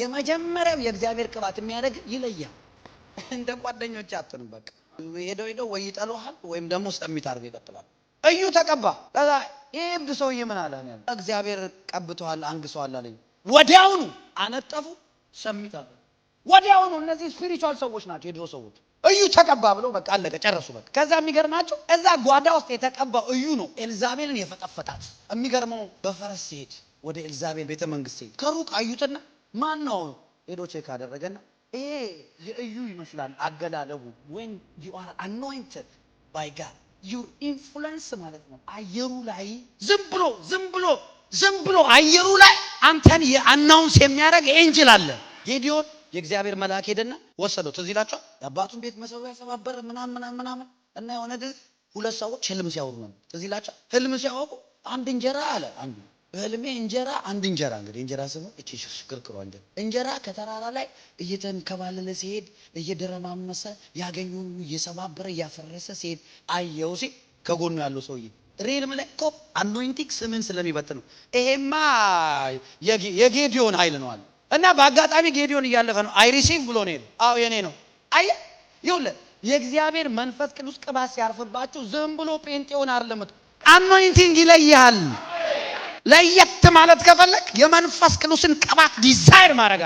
የመጀመሪያው የእግዚአብሔር ቅባት የሚያደርግ ይለያል። እንደ ጓደኞች አትሆንም። በቃ ሄደው ሄደው ወይ ይጠሉሃል ወይም ደግሞ ሰሚት አድርገው ይቀጥላል። እዩ ተቀባ። ከዛ ይህ እብድ ሰውዬ ምን አለ? እግዚአብሔር ቀብተዋል አንግሰዋል አለኝ። ወዲያውኑ አነጠፉ፣ ሰሚት አለ። ወዲያውኑ እነዚህ ስፒሪቹዋል ሰዎች ናቸው። የድሮ ሰዎች እዩ ተቀባ ብለው በቃ አለቀ፣ ጨረሱ። በቃ ከዛ የሚገርማቸው እዛ ጓዳ ውስጥ የተቀባው እዩ ነው ኤልዛቤልን የፈጠፈጣት። የሚገርመው በፈረስ ሲሄድ ወደ ኤልዛቤል ቤተ መንግስት ሲሄድ ከሩቅ አዩትና ማን ነው ሄዶ ቼክ አደረገና ይሄ የእዩ ይመስላል አገላለቡ ወን ዩ አር አኖይንትድ ባይ ጋድ ዩር ኢንፍሉዌንስ ማለት ነው። አየሩ ላይ ዝም ብሎ ዝም ብሎ ዝም ብሎ አየሩ ላይ አንተን የአናውንስ የሚያደርግ ኤንጅል አለ። ጌዲዮን የእግዚአብሔር መልአክ ሄደና ወሰደው። ትዝ ይላችኋል። የአባቱን ቤት መሰው ሰባበር ምናምን ምናምን ምናምን እና የሆነ ድ ሁለት ሰዎች ህልም ሲያወሩ ነው። ትዝ ይላችኋል። ህልም ሲያወቁ አንድ እንጀራ አለ አንዱ በህልሜ እንጀራ አንድ እንጀራ እንግዲህ እንጀራ ስሙ እቺ ሽክርክሯ እንጀራ እንጀራ ከተራራ ላይ እየተንከባለለ ሲሄድ እየደረማመሰ ያገኙ እየሰባበረ እያፈረሰ ሲሄድ አየው ሲል ከጎኑ ያለው ሰውዬ ሬል ኮፕ አኖይንቲንግ ስምን ስለሚበጥን ነው። ይሄማ የጌዲዮን ኃይል ነው አለ እና በአጋጣሚ ጌዲዮን እያለፈ ነው። አይ ሪሲቭ ብሎ ነው ሄደ። አዎ የኔ ነው። አየ ይውለ የእግዚአብሔር መንፈስ ቅዱስ ቅባት ሲያርፍባችሁ ዝም ብሎ ጴንጤውን አርለምት አኖይንቲንግ ይለይሃል። ለየት ማለት ከፈለግ የመንፈስ ቅዱስን ቅባት ዲዛይር ማድረግ